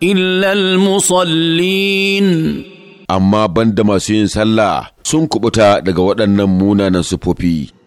illal musallin amma banda masu yin sallah sun kuɓuta daga waɗannan munanan sufofi